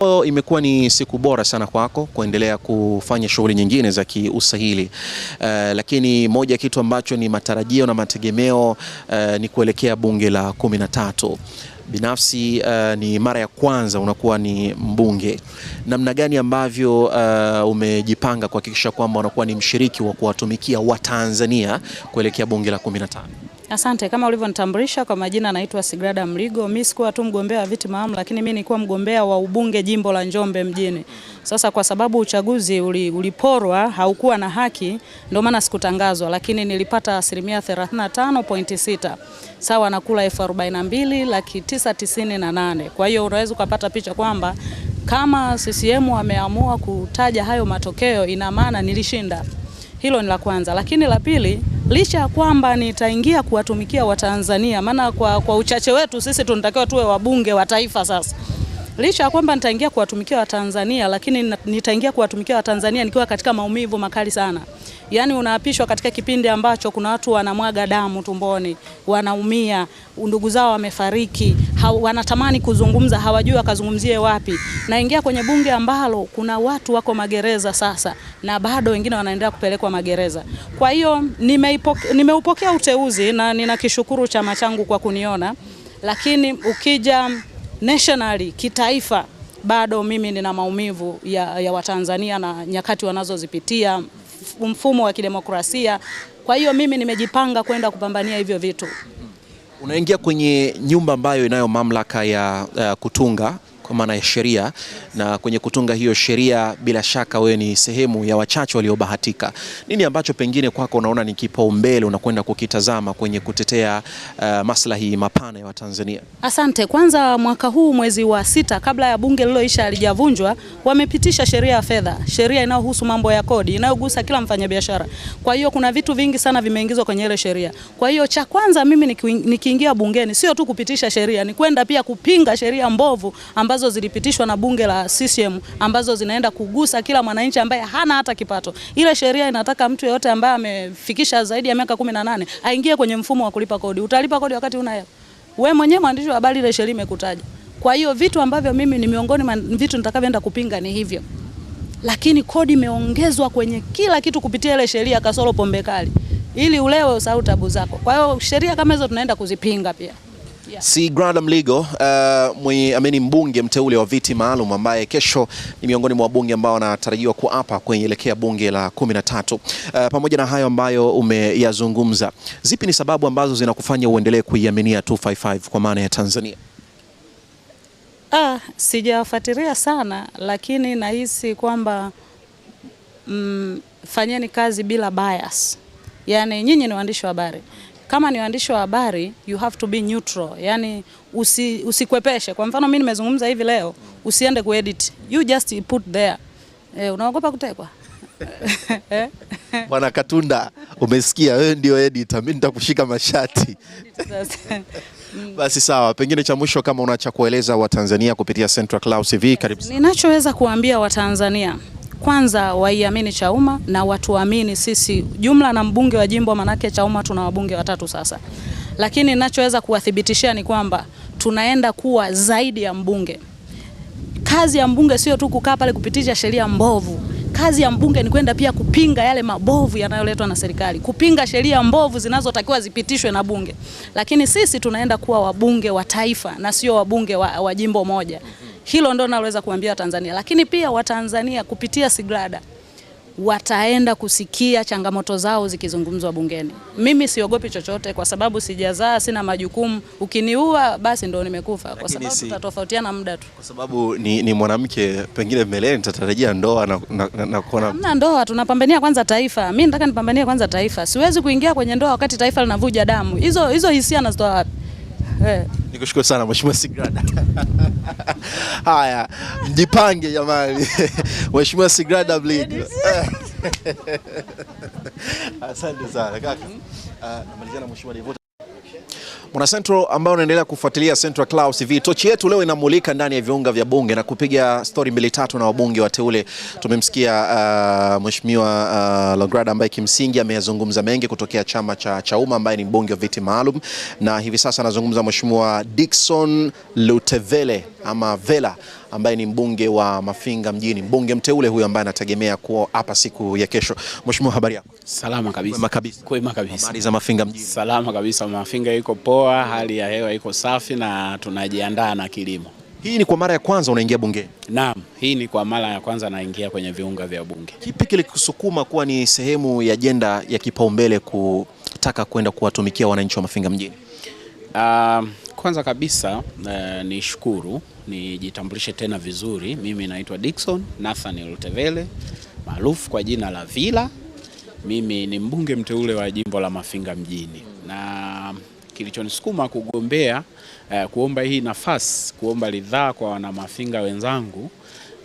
Leo imekuwa ni siku bora sana kwako kuendelea kufanya shughuli nyingine za kiusahili. Uh, lakini moja ya kitu ambacho ni matarajio na mategemeo uh, ni kuelekea bunge la kumi na tatu. Binafsi uh, ni mara ya kwanza unakuwa ni mbunge, namna gani ambavyo uh, umejipanga kuhakikisha kwamba unakuwa ni mshiriki wa kuwatumikia Watanzania kuelekea bunge la kumi na tano? Asante, kama ulivyonitambulisha kwa majina, naitwa Sigrada Mligo. Mimi sikuwa tu mgombea wa viti maalum, lakini mimi nilikuwa mgombea wa ubunge jimbo la Njombe mjini. Sasa kwa sababu uchaguzi uli, uliporwa haukuwa na haki, ndio maana sikutangazwa, lakini nilipata asilimia 35.6 sawa na kula elfu arobaini na mbili laki tisa tisini na nane. Kwa hiyo unaweza ukapata picha kwamba kama CCM wameamua kutaja hayo matokeo, ina maana nilishinda. Hilo ni la kwanza, lakini la pili licha ya kwamba nitaingia kuwatumikia Watanzania, maana kwa, kwa uchache wetu sisi tunatakiwa tuwe wabunge wa taifa sasa Licha ya kwamba nitaingia kuwatumikia Watanzania, lakini nitaingia kuwatumikia Watanzania nikiwa katika maumivu makali sana. Yaani unaapishwa katika kipindi ambacho kuna watu wanamwaga damu tumboni, wanaumia, ndugu zao wamefariki, wanatamani kuzungumza, hawajui wakazungumzie wapi. Naingia kwenye bunge ambalo kuna watu wako magereza sasa na bado wengine wanaendelea kupelekwa magereza. Kwa hiyo nimeupokea nime uteuzi na ninakishukuru chama changu kwa kuniona, lakini ukija nationally kitaifa, bado mimi nina maumivu ya, ya Watanzania na nyakati wanazozipitia mfumo wa kidemokrasia. Kwa hiyo mimi nimejipanga kwenda kupambania hivyo vitu. Unaingia kwenye nyumba ambayo inayo mamlaka ya uh, kutunga kwa maana ya sheria, na kwenye kutunga hiyo sheria, bila shaka wewe ni sehemu ya wachache waliobahatika. Nini ambacho pengine kwako unaona ni kipaumbele unakwenda kukitazama kwenye kutetea uh, maslahi mapana ya Watanzania? Asante. Kwanza mwaka huu mwezi wa sita, kabla ya bunge lililoisha halijavunjwa, wamepitisha sheria ya fedha, sheria inayohusu mambo ya kodi inayogusa kila mfanyabiashara. Kwa hiyo kuna vitu vingi sana vimeingizwa kwenye ile sheria. Kwa hiyo cha kwanza mimi nikiingia bungeni sio tu kupitisha sheria, ni kwenda pia kupinga sheria mbovu ambazo ambazo zilipitishwa na bunge la CCM ambazo zinaenda kugusa kila mwananchi ambaye hana hata kipato. Ile sheria inataka mtu yeyote ambaye amefikisha zaidi ya miaka 18 aingie kwenye mfumo wa kulipa kodi. Utalipa kodi wakati una hela. Wewe mwenyewe mwandishi wa habari, ile sheria imekutaja. Kwa hiyo vitu ambavyo mimi ni miongoni mwa vitu nitakavyoenda kupinga ni hivyo. Lakini kodi imeongezwa kwenye kila kitu kupitia ile sheria kasoro pombe kali. Ili ulewe usahau tabu zako. Kwa hiyo sheria kama hizo tunaenda kuzipinga pia yeah. Si Grandam Ligo uh, mwenye ameni mbunge mteule wa viti maalum ambaye kesho ni miongoni mwa wabunge ambao wanatarajiwa kuapa kuelekea bunge la kumi na tatu. Uh, pamoja na hayo ambayo umeyazungumza, zipi ni sababu ambazo zinakufanya uendelee kuiaminia 255 kwa maana ya Tanzania? Ah, sijafuatilia sana lakini nahisi kwamba mm, fanyeni kazi bila bias. Yaani nyinyi ni waandishi wa habari. Kama ni waandishi wa habari, you have to be neutral, yani usi, usikwepeshe. Kwa mfano mimi nimezungumza hivi leo, usiende kuedit, you just put there. e, unaogopa kutekwa? Eh? Bwana Katunda, umesikia wewe ndio editor, mimi nitakushika mashati. Basi sawa, pengine cha mwisho kama unachakueleza kueleza Watanzania kupitia Central Cloud TV, karibu. Ninachoweza kuambia Watanzania kwanza waiamini Chauma na watuamini sisi jumla na mbunge wa jimbo, manake Chauma tuna wabunge watatu sasa, lakini ninachoweza kuwathibitishia ni kwamba tunaenda kuwa zaidi ya mbunge. Kazi ya mbunge sio tu kukaa pale kupitisha sheria mbovu. Kazi ya mbunge ni kwenda pia kupinga yale mabovu yanayoletwa na serikali, kupinga sheria mbovu zinazotakiwa zipitishwe na bunge. Lakini sisi tunaenda kuwa wabunge wa taifa na sio wabunge wa, wa jimbo moja. Hilo ndo naloweza kuambia Watanzania, lakini pia Watanzania kupitia Sigrada wataenda kusikia changamoto zao zikizungumzwa bungeni. Mimi siogopi chochote kwa sababu sijazaa, sina majukumu. Ukiniua basi ndo nimekufa, kwa sababu tutatofautiana muda tu, kwa sababu ni, ni mwanamke. Pengine mbeleni tutatarajia ndoa na, na, na kuona hamna ndoa. Tunapambania kwanza taifa. Mimi nataka nipambanie kwanza taifa, siwezi kuingia kwenye ndoa wakati taifa linavuja damu. Hizo hizo hisia nazitoa wapi? ni eh. Nikushukuru sana Mheshimiwa Sigrada. Haya, mjipange jamani. Mheshimiwa Sigrada Bleed. Asante sana kaka. Uh, ah, namalizana Mheshimiwa Devota. Mwana Central ambao unaendelea kufuatilia Central Clouds TV. Tochi yetu leo inamulika ndani ya viunga vya bunge na kupiga stori mbili tatu na wabunge wateule. Tumemsikia uh, Mheshimiwa uh, Lograda ambaye kimsingi ameyazungumza mengi kutokea chama cha Chauma ambaye ni mbunge wa viti maalum, na hivi sasa anazungumza Mheshimiwa Dickson Lutevele ama Vela ambaye ni mbunge wa Mafinga mjini, mbunge mteule huyo ambaye anategemea kuwa hapa siku ya kesho. Mheshimiwa, habari yako? Salama kabisa. Kwema kabisa. Kwema kabisa. Habari za Mafinga mjini? Salama kabisa. Mafinga iko poa, hali ya hewa iko safi na tunajiandaa na kilimo. Hii ni kwa mara ya kwanza unaingia bungeni? Naam, hii ni kwa mara ya kwanza naingia kwenye viunga vya bunge. Kipi kilikusukuma kuwa ni sehemu ya ajenda ya kipaumbele kutaka kwenda kuwatumikia wananchi wa Mafinga mjini? Uh, kwanza kabisa eh, ni shukuru nijitambulishe tena vizuri. Mimi naitwa Dickson Nathaniel Tevele maarufu kwa jina la vila Mimi ni mbunge mteule wa jimbo la Mafinga mjini, na kilichonisukuma kugombea eh, kuomba hii nafasi, kuomba ridhaa kwa wanamafinga wenzangu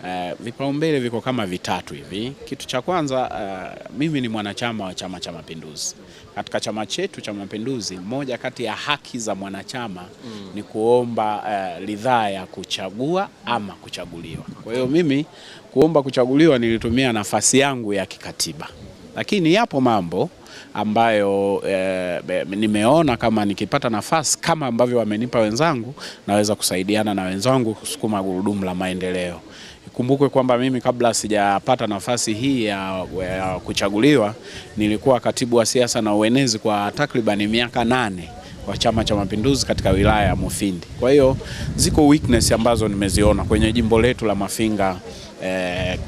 Eh, vipaumbele viko kama vitatu hivi. Kitu cha kwanza uh, mimi ni mwanachama wa Chama cha Mapinduzi. Katika chama chetu cha Mapinduzi, moja kati ya haki za mwanachama mm. ni kuomba uh, ridhaa ya kuchagua ama kuchaguliwa. Kwa hiyo mimi kuomba kuchaguliwa nilitumia nafasi yangu ya kikatiba, lakini yapo mambo ambayo e, nimeona kama nikipata nafasi kama ambavyo wamenipa wenzangu, naweza kusaidiana na wenzangu kusukuma gurudumu la maendeleo. Ikumbukwe kwamba mimi kabla sijapata nafasi hii ya, ya kuchaguliwa nilikuwa katibu wa siasa na uenezi kwa takribani miaka nane kwa Chama cha Mapinduzi katika wilaya ya Mufindi. Kwa hiyo ziko weakness ambazo nimeziona kwenye jimbo letu la Mafinga eh,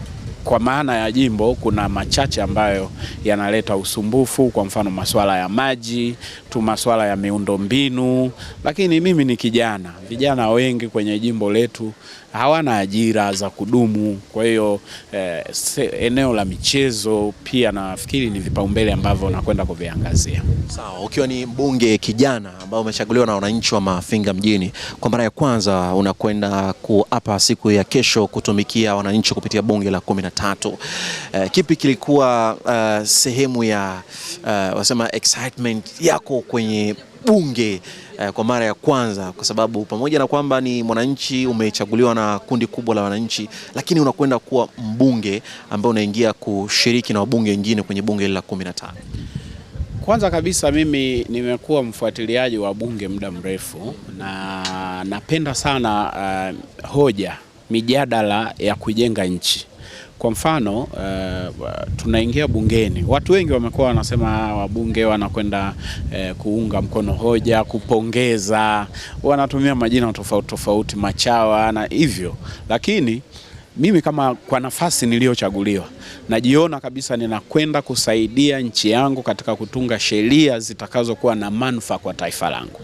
kwa maana ya jimbo kuna machache ambayo yanaleta usumbufu, kwa mfano masuala ya maji tu, masuala ya miundombinu. Lakini mimi ni kijana, vijana wengi kwenye jimbo letu hawana ajira za kudumu. Kwa hiyo eh, eneo la michezo pia nafikiri ni vipaumbele ambavyo nakwenda kuviangazia. Sawa, ukiwa ni mbunge kijana ambao umechaguliwa na wananchi wa Mafinga mjini, kwa mara ya kwanza unakwenda kuapa siku ya kesho kutumikia wananchi kupitia bunge la kumi na tatu, eh, kipi kilikuwa uh, sehemu ya uh, wasema excitement yako kwenye bunge eh, kwa mara ya kwanza, kwa sababu pamoja na kwamba ni mwananchi, umechaguliwa na kundi kubwa la wananchi, lakini unakwenda kuwa mbunge ambaye unaingia kushiriki na wabunge wengine kwenye bunge hili la kumi na tano. Kwanza kabisa mimi nimekuwa mfuatiliaji wa bunge muda mrefu na napenda sana uh, hoja mijadala ya kujenga nchi kwa mfano uh, tunaingia bungeni, watu wengi wamekuwa wanasema ah, wabunge wanakwenda uh, kuunga mkono hoja, kupongeza, wanatumia majina tofauti tofauti, machawa na hivyo, lakini mimi kama kwa nafasi niliyochaguliwa najiona kabisa ninakwenda kusaidia nchi yangu katika kutunga sheria zitakazokuwa na manufaa kwa taifa langu,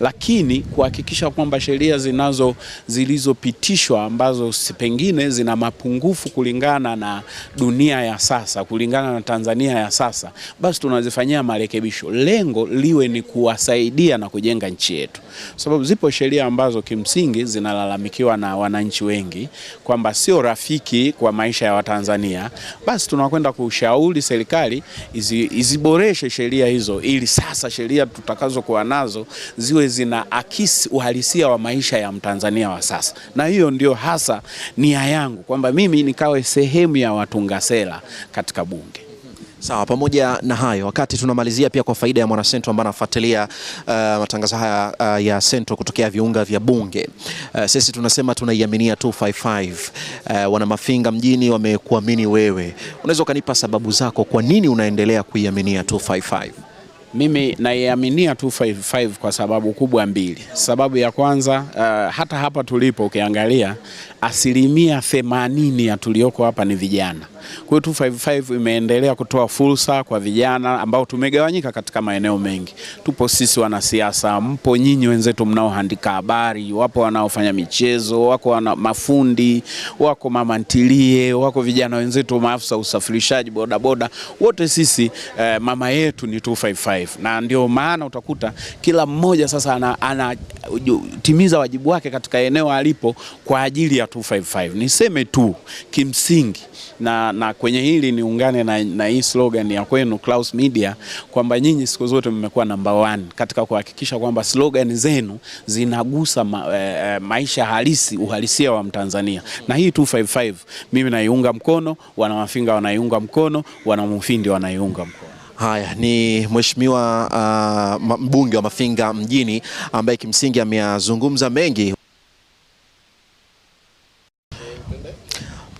lakini kuhakikisha kwamba sheria zinazo zilizopitishwa ambazo pengine zina mapungufu kulingana na dunia ya sasa, kulingana na Tanzania ya sasa, basi tunazifanyia marekebisho, lengo liwe ni kuwasaidia na kujenga nchi yetu, sababu zipo sheria ambazo kimsingi zinalalamikiwa na wananchi wengi kwamba sio rafiki kwa maisha ya Watanzania, basi tunakwenda kushauri serikali iziboreshe sheria hizo, ili sasa sheria tutakazokuwa nazo ziwe zina akisi uhalisia wa maisha ya Mtanzania wa sasa, na hiyo ndio hasa nia yangu kwamba mimi nikawe sehemu ya watunga sera katika Bunge. Sawa, pamoja na hayo, wakati tunamalizia pia kwa faida ya mwanasento ambaye anafuatilia uh, matangazo haya uh, ya sento kutokea viunga vya Bunge. Uh, sisi tunasema tunaiaminia 255. Uh, wana Mafinga mjini wamekuamini wewe, unaweza ukanipa sababu zako kwa nini unaendelea kuiaminia 255? Mimi naiaminia 255 kwa sababu kubwa mbili. Sababu ya kwanza, uh, hata hapa tulipo ukiangalia asilimia themanini ya tulioko hapa ni vijana. Kwa hiyo 255 imeendelea kutoa fursa kwa vijana ambao tumegawanyika katika maeneo mengi. Tupo sisi wanasiasa, mpo nyinyi wenzetu mnaoandika habari, wapo wanaofanya michezo, wako wana mafundi, wako mama ntilie, wako vijana wenzetu maafisa usafirishaji, bodaboda, wote sisi eh, mama yetu ni 255 na ndio maana utakuta kila mmoja sasa anatimiza ana, wajibu wake katika eneo alipo kwa ajili ya 255. Niseme tu kimsingi na, na kwenye hili niungane na, na hii slogan ya kwenu Clouds Media kwamba nyinyi siku zote mmekuwa namba one katika kuhakikisha kwamba slogan zenu zinagusa ma, e, maisha halisi uhalisia wa Mtanzania, na hii 255 mimi naiunga mkono, wanamafinga wanaiunga mkono, wanamufindi wanaiunga mkono. Haya ni mheshimiwa uh, mbunge wa Mafinga mjini ambaye kimsingi ameyazungumza mengi.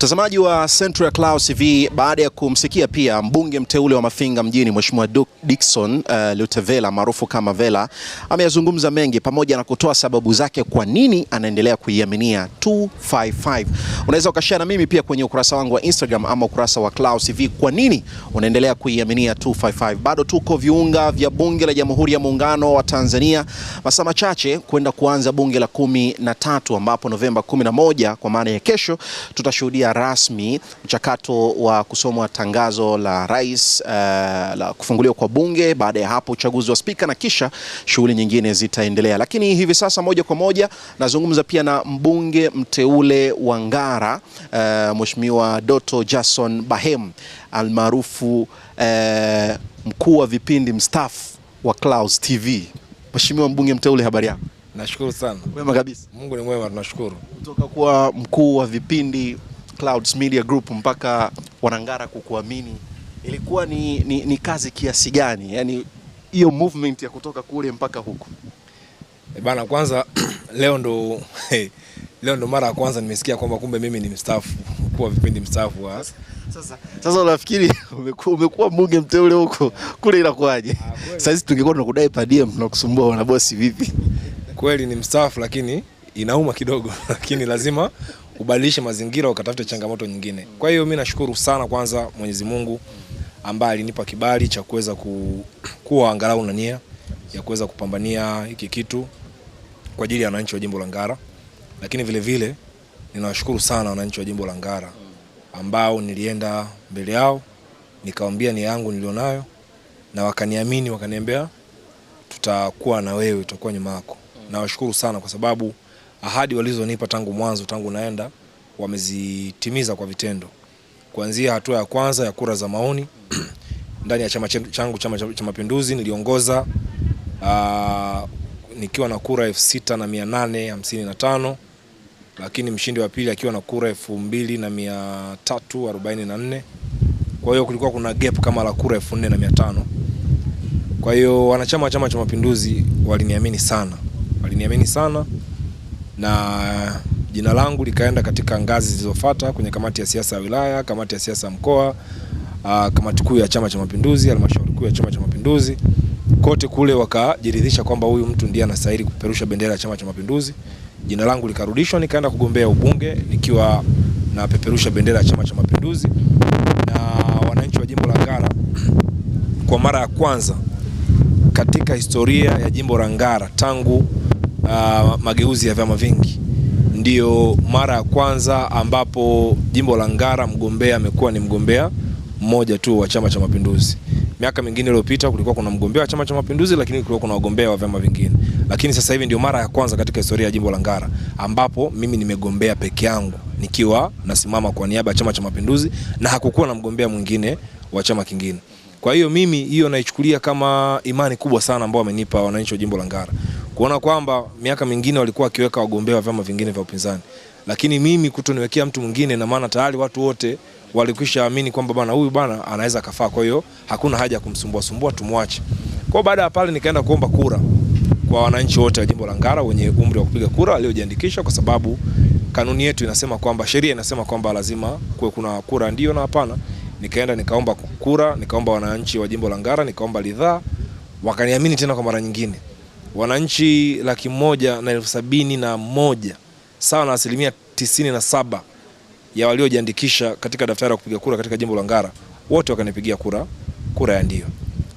Mtazamaji wa Central Clouds TV, baada ya kumsikia pia mbunge mteule wa Mafinga mjini Mheshimiwa Dickson uh, Lutevela maarufu kama Vela ameyazungumza mengi pamoja na kutoa sababu zake kwa nini anaendelea kuiaminia 255. Unaweza ukashare na mimi pia kwenye ukurasa wangu wa Instagram ama ukurasa wa Clouds TV, kwa nini unaendelea kuiaminia 255? Bado tuko viunga vya bunge la Jamhuri ya Muungano wa Tanzania, masaa machache kwenda kuanza bunge la kumi na tatu ambapo Novemba 11 kwa maana ya kesho tutashuhudia rasmi mchakato wa kusomwa tangazo la rais uh, la kufunguliwa kwa bunge, baada ya hapo uchaguzi wa spika na kisha shughuli nyingine zitaendelea. Lakini hivi sasa moja kwa moja nazungumza pia na mbunge mteule wa Ngara uh, Mheshimiwa Doto Jason Bahem almaarufu uh, mkuu wa vipindi mstaafu wa Clouds TV. Mheshimiwa mbunge mteule, habari yako? Nashukuru sana. Mwema kabisa. Mungu ni mwema, tunashukuru. Kutoka kuwa mkuu wa vipindi Clouds Media Group mpaka Wanangara kukuamini ilikuwa ni, ni, ni kazi kiasi gani? Yani hiyo movement ya kutoka kule mpaka huku e bana, kwanza leo ndo hey, leo ndo mara ya kwanza nimesikia kwamba kumbe mimi ni mstaafu kuwa vipindi mstaafu. Sasa sasa unafikiri umekuwa mbunge mteule huko kule inakuwaje? Ah, sasa hizi tungekuwa tunakudai per diem na kusumbua wana bosi vipi? Kweli ni mstaafu, lakini inauma kidogo, lakini lazima ubadilishe mazingira ukatafute changamoto nyingine. Kwa hiyo mimi nashukuru sana kwanza Mwenyezi Mungu ambaye alinipa kibali cha kuweza ku, kuwa angalau na nia ya kuweza kupambania hiki kitu kwa ajili ya wananchi wa jimbo la Ngara, lakini vile vile ninawashukuru sana wananchi wa jimbo la Ngara ambao nilienda mbele yao nikawambia nia yangu nilionayo, na wakaniamini, wakaniambia tutakuwa na wewe, tutakuwa nyuma yako. Nawashukuru sana kwa sababu ahadi walizonipa tangu mwanzo, tangu naenda, wamezitimiza kwa vitendo, kuanzia hatua ya kwanza ya kura za maoni ndani ya chama changu, Chama cha Mapinduzi, niliongoza nikiwa na kura elfu sita na mia nane hamsini na tano lakini mshindi wa pili akiwa na kura elfu mbili na mia tatu arobaini na nne kwa hiyo kulikuwa kuna gap kama la kura elfu nne na mia tano Kwa hiyo wanachama wa Chama cha Mapinduzi waliniamini sana, waliniamini sana na jina langu likaenda katika ngazi zilizofuata kwenye kamati ya siasa ya wilaya, kamati ya siasa ya mkoa, uh, kamati kuu ya Chama cha Mapinduzi, halmashauri kuu ya Chama cha Mapinduzi. Kote kule wakajiridhisha kwamba huyu mtu ndiye anastahili kupeperusha bendera ya Chama cha Mapinduzi. Jina langu likarudishwa, nikaenda kugombea ubunge nikiwa napeperusha bendera ya Chama cha Mapinduzi, na wananchi wa jimbo la Ngara kwa mara ya kwanza katika historia ya jimbo la Ngara tangu uh, mageuzi ya vyama vingi. ndio mara ya kwanza ambapo jimbo la Ngara mgombea amekuwa ni mgombea mmoja tu wa Chama cha Mapinduzi. Miaka mingine iliyopita kulikuwa kuna mgombea wa Chama cha Mapinduzi, lakini kulikuwa kuna wagombea wa vyama vingine, lakini sasa hivi ndio mara ya kwanza katika historia ya jimbo la Ngara ambapo mimi nimegombea peke yangu nikiwa nasimama kwa niaba ya Chama cha Mapinduzi na hakukuwa na mgombea mwingine wa chama kingine. Kwa hiyo mimi hiyo naichukulia kama imani kubwa sana ambayo wamenipa wananchi wa jimbo la Ngara kuona kwamba miaka mingine walikuwa wakiweka wagombea wa vyama vingine vya upinzani, lakini mimi kutoniwekea mtu mwingine, na maana tayari watu wote walikwishaamini kwamba bana huyu bana anaweza kafaa, kwa hiyo hakuna haja ya kumsumbua sumbua, tumwache. Kwa baada ya pale nikaenda kuomba kura kwa wananchi wote wa jimbo la Ngara wenye umri wa kupiga kura waliojiandikisha, kwa sababu kanuni yetu inasema kwamba, sheria inasema kwamba lazima kuwe kuna kura ndio na hapana. Nikaenda nikaomba kura, nikaomba wananchi wa jimbo la Ngara, nikaomba ridhaa, wakaniamini tena kwa mara nyingine wananchi laki moja na elfu sabini na moja sawa na asilimia tisini na saba ya waliojiandikisha katika daftari la kupiga kura katika jimbo la Ngara wote wakanipigia kura kura ya ndio.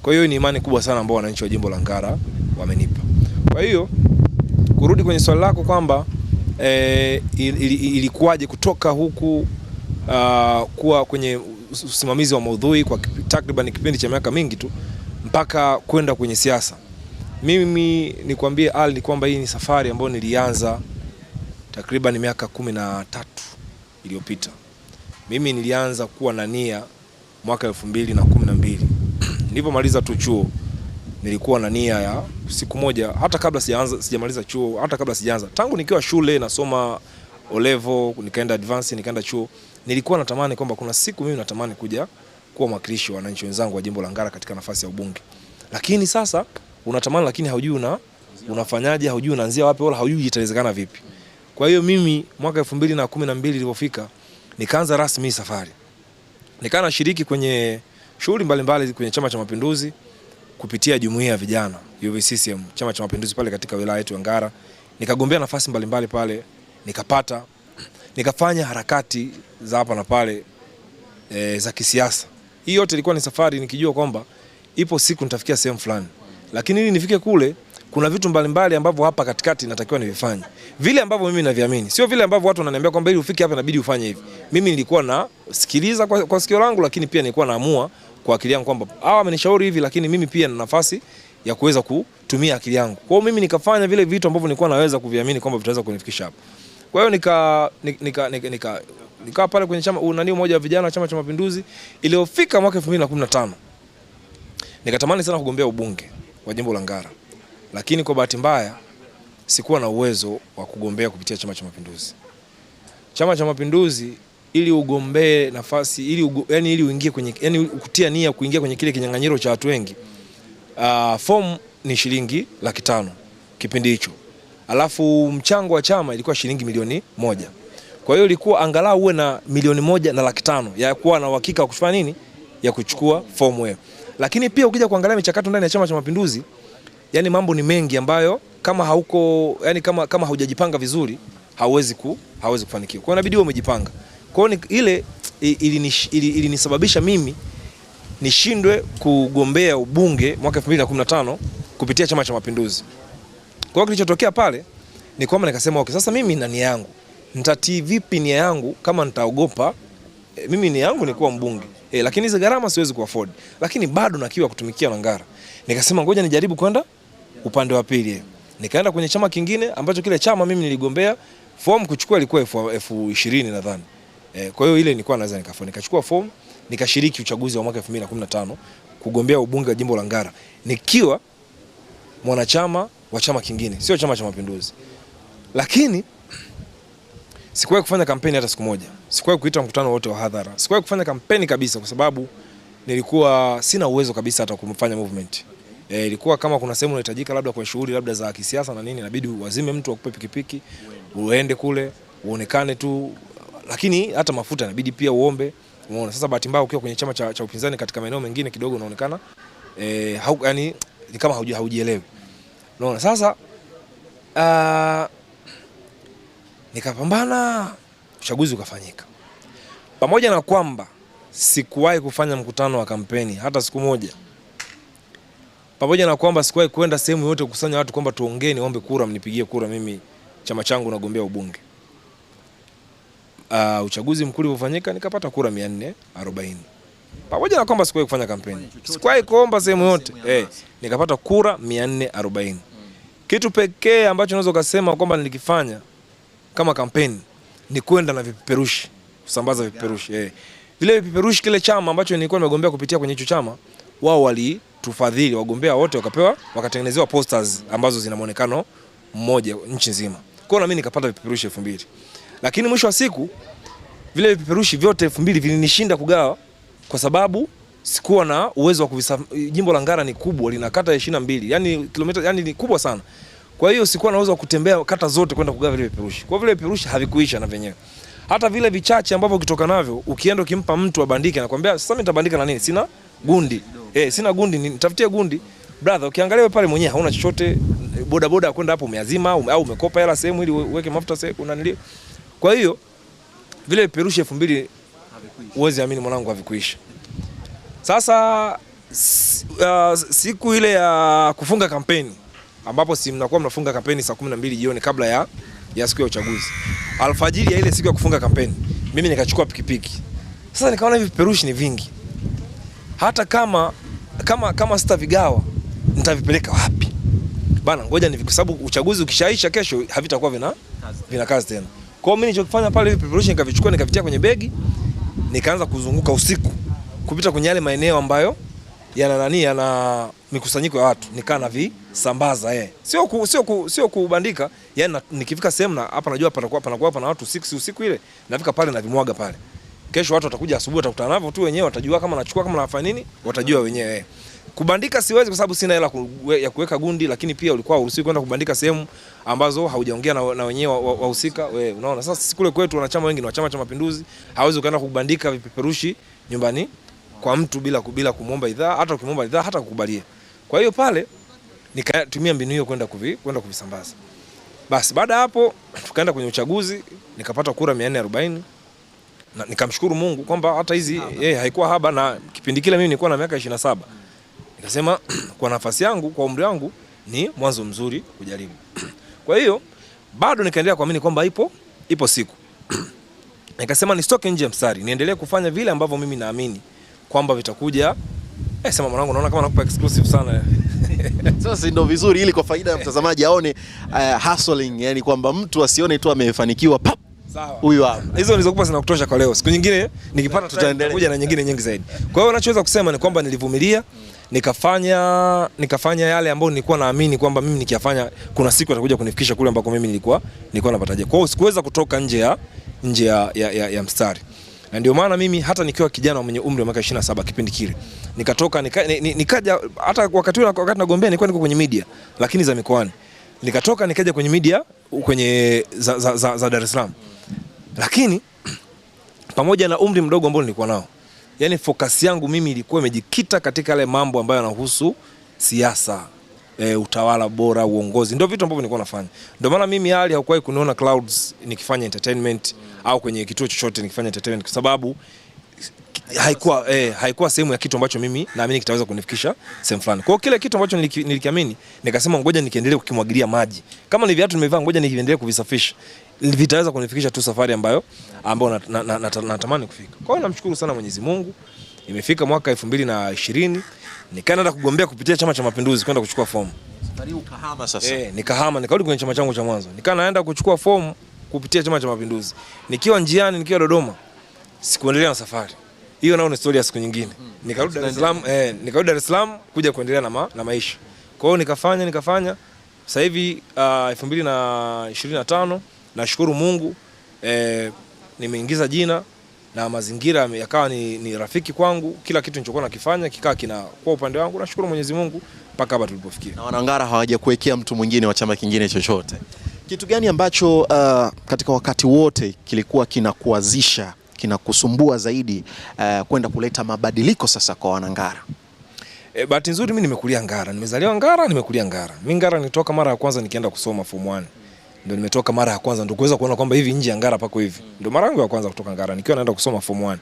Kwa hiyo ni imani kubwa sana ambao wananchi wa jimbo la Ngara wamenipa. Kwa hiyo kurudi kwenye swali lako kwamba e, ilikuwaje kutoka huku uh, kuwa kwenye usimamizi wa maudhui kwa takriban kipindi cha miaka mingi tu mpaka kwenda kwenye siasa. Mimi nikwambie Ali ni kwamba hii ni safari ambayo nilianza takriban miaka kumi na tatu iliyopita. Mimi nilianza kuwa na nia mwaka elfu mbili na kumi na mbili nilipomaliza tu chuo nilikuwa na nia ya siku moja, hata kabla sijaanza sijamaliza chuo, hata kabla sijaanza, tangu nikiwa shule nasoma olevo, nikaenda advance, nikaenda chuo, nilikuwa natamani kwamba kuna siku mimi natamani kuja kuwa mwakilishi wa wananchi wenzangu wa jimbo la Ngara katika nafasi ya ubunge, lakini sasa unatamani lakini haujui una unafanyaje, haujui unaanzia wapi, wala haujui itawezekana vipi. Kwa hiyo mimi mwaka 2012 nilipofika nikaanza rasmi safari. Nikawa shiriki kwenye shughuli mbalimbali kwenye Chama cha Mapinduzi kupitia jumuiya ya vijana UVCCM, Chama cha Mapinduzi pale katika wilaya yetu ya Ngara. Nikagombea nafasi mbalimbali pale nikapata, nikafanya harakati za hapa na pale e, za kisiasa. Hii yote ilikuwa ni safari nikijua kwamba ipo siku nitafikia sehemu fulani lakini ili nifike kule kuna vitu mbalimbali ambavyo hapa katikati natakiwa nivifanye, vile ambavyo mimi naviamini, sio vile ambavyo watu wananiambia kwamba ili ufike hapa inabidi ufanye hivi. Mimi nilikuwa nasikiliza kwa, kwa sikio langu, lakini pia nilikuwa naamua kwa akili yangu kwamba hawa wamenishauri hivi, lakini mimi pia na nafasi ya kuweza kutumia akili yangu. Kwa hiyo mimi nikafanya vile vitu ambavyo nilikuwa naweza kuviamini kwamba vitaweza kunifikisha hapa. Kwa hiyo nika nika nika, nika, nika pale kwenye chama unani mmoja wa vijana wa Chama cha Mapinduzi iliyofika mwaka 2015 nikatamani sana kugombea ubunge wa jimbo la Ngara, lakini kwa bahati mbaya sikuwa na uwezo wa kugombea kupitia Chama cha Mapinduzi. Chama cha Mapinduzi ili ugombee nafasi ili ugo, yani ili uingie kwenye yani ukutia nia kuingia kwenye kile kinyang'anyiro cha watu wengi uh, ah, fomu ni shilingi laki tano kipindi hicho, alafu mchango wa chama ilikuwa shilingi milioni moja. Kwa hiyo ilikuwa angalau uwe na milioni moja na laki tano ya kuwa na uhakika wa kufanya nini ya kuchukua fomu hiyo. Lakini pia ukija kuangalia michakato ndani ya Chama cha Mapinduzi, yani mambo ni mengi ambayo kama hauko yani kama, kama haujajipanga vizuri hauwezi ku, hauwezi kufanikiwa. Kwa hiyo inabidi umejipanga. Kwa hiyo ile ilinisababisha ili, ili, ili mimi nishindwe kugombea ubunge mwaka 2015 kupitia Chama cha Mapinduzi. Kwa hiyo kilichotokea pale ni kwamba nikasema okay, sasa mimi na nia yangu nitatii vipi nia yangu kama nitaogopa? E, mimi nia yangu ni kuwa mbunge eh, lakini hizo gharama siwezi ku afford, lakini bado nakiwa kutumikia Ngara. Nikasema ngoja nijaribu kwenda upande wa pili, nikaenda kwenye chama kingine ambacho kile chama mimi niligombea fomu kuchukua ilikuwa elfu ishirini nadhani. Eh, kwa hiyo ile nilikuwa naweza nikafua, nikachukua fomu nikashiriki uchaguzi wa mwaka 2015 kugombea ubunge wa jimbo la Ngara nikiwa mwanachama wa chama kingine, sio Chama cha Mapinduzi, lakini Sikuwahi kufanya kampeni hata siku moja, sikuwahi kuita mkutano wote wa hadhara, sikuwahi kufanya kampeni kabisa, kwa sababu nilikuwa sina uwezo kabisa hata kumfanya movement. E, ilikuwa kama kuna sehemu unahitajika labda kwa shughuli labda za kisiasa na nini, inabidi wazime mtu akupe pikipiki uende kule uonekane tu, lakini hata mafuta inabidi pia uombe. Umeona sasa, bahati mbaya ukiwa kwenye chama cha, cha upinzani katika maeneo mengine kidogo unaonekana e, hau, yani, ni kama hauji, haujielewi. Unaona sasa uh, nikapambana, uchaguzi ukafanyika. Pamoja na kwamba sikuwahi kufanya mkutano wa kampeni hata siku moja, pamoja na kwamba sikuwahi kwenda sehemu yote kukusanya watu kwamba tuongee, niombe kura, mnipigie kura mimi, chama changu nagombea ubunge. Uh, uchaguzi mkuu ulivyofanyika nikapata kura 440 pamoja na kwamba sikuwahi kufanya kampeni, sikuwahi kuomba sehemu yote eh, nikapata kura 440. Mm. Kitu pekee ambacho unaweza kusema kwamba nilikifanya kama kampeni ni kwenda na vipeperushi kusambaza vipeperushi yeah. Eh, vile vipeperushi kile chama ambacho nilikuwa nimegombea kupitia kwenye hicho chama, wao walitufadhili wagombea wote wakapewa, wakatengenezewa posters ambazo zina muonekano mmoja nchi nzima. Kwa hiyo na mimi nikapata vipeperushi 2000 lakini mwisho wa siku vile vipeperushi vyote 2000 vilinishinda kugawa kwa sababu sikuwa na uwezo wa kuvisa. Jimbo la Ngara ni kubwa, lina kata 22 yani kilomita, yani ni kubwa sana. Kwa hiyo sikuwa naweza kutembea kata zote kwenda kugawa vile vipeperushi. Kwa vile vipeperushi havikuisha na vyenyewe. Hata vile vichache ambavyo ukitoka navyo ukienda ukimpa mtu abandike anakuambia sasa mimi nitabandika na nini? Sina gundi. Eh, sina gundi, nitafutie gundi. Brother, ukiangalia wewe pale mwenyewe hauna chochote, boda ya kwenda hapo umeazima au umekopa hela sehemu ili uweke mafuta sehemu unanilio. Kwa hiyo vile vipeperushi elfu mbili uwezi amini mwanangu, havikuisha. Sasa uh, siku ile ya kufunga kampeni ambapo si mnakuwa mnafunga kampeni saa 12 jioni kabla ya ya siku ya uchaguzi. Alfajiri ya ile siku ya kufunga kampeni, mimi nikachukua pikipiki. Sasa nikaona hivi perushi ni vingi. Hata kama kama kama sitavigawa nitavipeleka wapi? Bana, ngoja ni kwa sababu uchaguzi ukishaisha kesho havitakuwa vina vina kazi tena. Kwa hiyo mimi nilichokifanya pale hivi perushi nikavichukua nikavitia kwenye begi, nikaanza kuzunguka usiku kupita kwenye yale maeneo ambayo yana nani yana mikusanyiko ya watu nikaa na vi sambaza eh, sio ku, sio ku, sio kubandika yani, nikifika sehemu na hapa najua panakuwa panakuwa pana watu six usiku ile, nafika pale na vimwaga pale. Kesho watu watakuja asubuhi, watakutana navyo tu wenyewe, watajua kama nachukua kama nafanya nini, watajua wenyewe eh. Kubandika siwezi kwa sababu sina hela ya kuweka gundi, lakini pia ulikuwa uruhusiwi kwenda kubandika sehemu ambazo haujaongea na, na wenyewe wahusika wa, wa unaona sasa, sisi kule kwetu wanachama wengi ni wa Chama cha Mapinduzi, hawezi ukaenda kubandika vipeperushi nyumbani kwa mtu bila bila kumwomba idhaa, hata ukimwomba idhaa hata kukubalia. Kwa hiyo pale nikatumia mbinu hiyo kwenda kuvi, kwenda kuvisambaza. Basi baada hapo tukaenda kwenye uchaguzi nikapata kura 440 na nikamshukuru Mungu kwamba hata hizi yeye haikuwa haba, na kipindi kile mimi nilikuwa na miaka 27. Nikasema kwa nafasi yangu, kwa umri wangu ni mwanzo mzuri kujaribu. Kwa hiyo bado nikaendelea kuamini kwamba ipo ipo siku. Nikasema nisitoke nje mstari, niendelee kufanya vile ambavyo mimi naamini kwamba vitakuja. Eh, sema mwanangu, naona kama nakupa exclusive sana. Sasa ndio vizuri, ili kwa faida ya mtazamaji aone uh, hustling, yani kwamba mtu asione tu amefanikiwa pap huyu hapa. Hizo nilizokupa zina kutosha kwa leo. Siku nyingine nikipata tutaendelea kuja na nyingine nyingi zaidi. Kwa hiyo nachoweza kusema ni kwamba nilivumilia, nikafanya nikafanya yale ambayo nilikuwa naamini kwamba mimi nikiyafanya kuna siku atakuja kunifikisha kule ambako mimi nilikuwa nilikuwa napatajia. Kwa hiyo sikuweza kutoka nje ya nje ya, ya, ya, ya mstari na ndio maana mimi hata nikiwa kijana mwenye umri wa miaka 27 kipindi kile nikatoka nika, nikaja hata wakati ule wakati nagombea nilikuwa niko kwenye media lakini za mikoani nikatoka nikaja kwenye media kwenye za, za, za, za Dar es Salaam lakini pamoja na umri mdogo ambao nilikuwa nao yani fokasi yangu mimi ilikuwa imejikita katika yale mambo ambayo yanahusu siasa e, utawala bora, uongozi, ndio vitu ambavyo nilikuwa nafanya. Ndio maana mimi hali hakuwahi kuniona Clouds nikifanya entertainment au kwenye kituo chochote nikifanya entertainment kwa sababu haikuwa eh, haikuwa sehemu ya kitu ambacho mimi naamini kitaweza kunifikisha sehemu fulani. Kwa hiyo kile kitu ambacho nilikiamini nikasema ngoja nikiendelee kukimwagilia maji. Kama ni viatu nimevaa ngoja nikiendelee kuvisafisha. Vitaweza kunifikisha tu safari ambayo ambayo natamani na, na, na, na, na kufika. Kwa hiyo namshukuru sana Mwenyezi Mungu. Imefika mwaka elfu mbili na ishirini nikaenda kugombea kupitia Chama cha Mapinduzi kwenda kuchukua fomu. Ukahama sasa. Eh, nikahama nikarudi kwenye chama changu cha mwanzo. Nikaa naenda kuchukua fomu kupitia Chama cha Mapinduzi. Nikiwa njiani nikiwa Dodoma sikuendelea na safari. Hiyo nao ni story ya siku nyingine. Hmm, nikarudi Dar es Salaam, eh, nikarudi Dar es Salaam kuja kuendelea na, ma, na maisha. Kwa hiyo nikafanya nikafanya sasa hivi uh, ah, 2025 nashukuru Mungu eh, nimeingiza jina na mazingira yakawa ni, ni rafiki kwangu. Kila kitu nilichokuwa nakifanya kikaa kina kwa upande wangu. Nashukuru Mwenyezi Mungu mpaka hapa tulipofikia. Na Wanangara hawajakuwekea mtu mwingine wa chama kingine chochote. Kitu gani ambacho uh, katika wakati wote kilikuwa kinakuwazisha kinakusumbua zaidi uh, kwenda kuleta mabadiliko sasa kwa Wanangara? E, bahati nzuri mimi nimekulia Ngara, nimezaliwa Ngara, nimekulia Ngara. Mimi Ngara nitoka mara ya kwanza nikienda kusoma form 1 ndio nimetoka mara ya kwanza, ndio kuweza kuona kwamba hivi nje ya Ngara pako hivi. Mm. Ndio mara yangu ya kwanza kutoka Ngara nikiwa naenda kusoma form 1.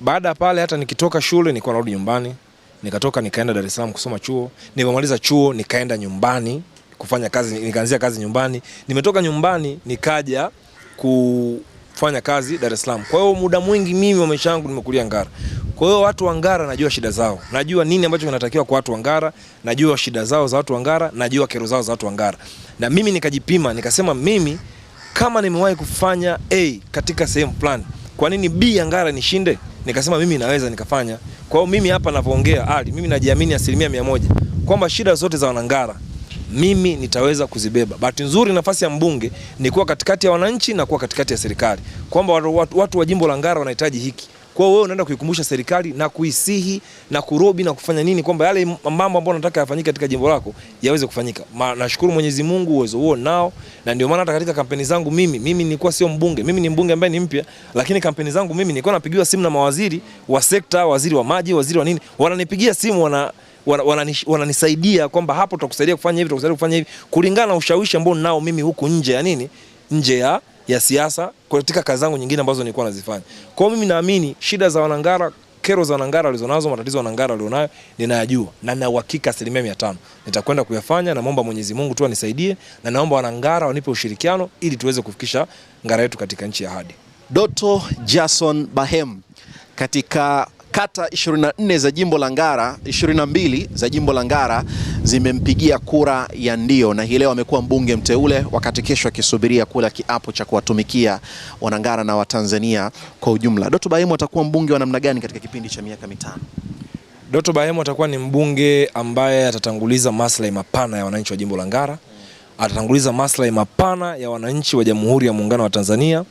Baada ya pale hata nikitoka shule nilikuwa narudi nyumbani, nikatoka nikaenda Dar es Salaam kusoma chuo. Nilipomaliza chuo nikaenda nyumbani kufanya kazi, nikaanzia kazi nyumbani. Nimetoka nyumbani nikaja ku kufanya kazi Dar es Salaam. Kwa hiyo muda mwingi mimi wa maisha yangu nimekulia Ngara. Kwa hiyo watu wa Ngara najua shida zao, najua nini ambacho kinatakiwa kwa watu wa Ngara, najua shida zao za watu wa Ngara, najua kero zao za watu wa Ngara, na mimi nikajipima nikasema, mimi kama nimewahi kufanya A katika sehemu fulani, kwa nini B ya Ngara nishinde? Nikasema mimi naweza nikafanya. Kwa hiyo mimi hapa ninapoongea, Ali, mimi najiamini asilimia mia moja kwamba shida zote za wanangara mimi nitaweza kuzibeba. Bahati nzuri nafasi ya mbunge ni kuwa katikati ya wananchi na kuwa katikati ya serikali, kwamba watu, watu wa jimbo la Ngara wanahitaji hiki kwa wewe unaenda kuikumbusha serikali na kuisihi na kurobi na kufanya nini kwamba yale mambo ambayo unataka yafanyike katika jimbo lako yaweze kufanyika. Nashukuru Mwenyezi Mungu uwezo huo nao, na ndio maana hata katika kampeni zangu mimi mimi nilikuwa sio mbunge, mimi ni mbunge ambaye ni mpya, lakini kampeni zangu mimi nilikuwa napigiwa simu na mawaziri wa sekta, waziri wa maji, waziri wa nini, wananipigia simu wana wananisaidia wana wana kwamba hapo tutakusaidia kufanya hivi, tutakusaidia kufanya hivi kulingana na ushawishi ambao nao mimi huku nje ya nini, nje ya ya siasa, katika kazi zangu nyingine ambazo nilikuwa nazifanya. Kwa mimi naamini shida za Wanangara, kero za Wanangara walizonazo, matatizo Wanangara walionayo ninayajua, na na uhakika asilimia mia tano nitakwenda kuyafanya, na naomba Mwenyezi Mungu tu anisaidie, na naomba Wanangara wanipe ushirikiano ili tuweze kufikisha ngara yetu katika nchi ya ahadi. Doto Jason Bahem katika kata 24 za jimbo la Ngara, 22 za jimbo la Ngara zimempigia kura ya ndio, na hii leo amekuwa mbunge mteule, wakati kesho akisubiria kula kiapo cha kuwatumikia wanangara na Watanzania kwa ujumla. Doto Bahemu atakuwa mbunge wa namna gani katika kipindi cha miaka mitano? Doto Bahemu atakuwa ni mbunge ambaye atatanguliza maslahi mapana ya wananchi wa jimbo la Ngara, atatanguliza maslahi mapana ya wananchi wa Jamhuri ya Muungano wa Tanzania.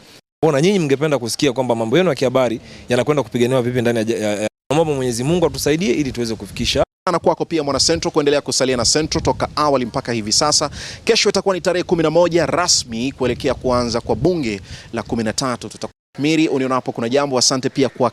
Ona nyinyi mngependa kusikia kwamba mambo yenu ya kihabari yanakwenda kupiganiwa vipi ndani ya, ya, ya. Mwenyezi Mungu atusaidie ili tuweze kufikisha na kwako pia mwana Central kuendelea kusalia na Central toka awali mpaka hivi sasa. Kesho itakuwa ni tarehe 11 rasmi kuelekea kuanza kwa bunge la 13. Tutakumiri unionapo kuna jambo. Asante pia kwa